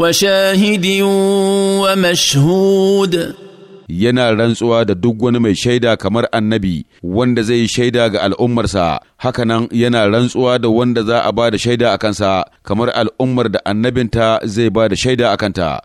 وشاهد ومشهود ينا رنسوا دا دوغون مي شيدا كمر النبي واندا زي شيدا غا الأمر سا هكنا ينا رنسوا دا واندا زا أباد شيدا أكن سا كمر الأمر دا النبي انتا زي باد شيدا أكن تا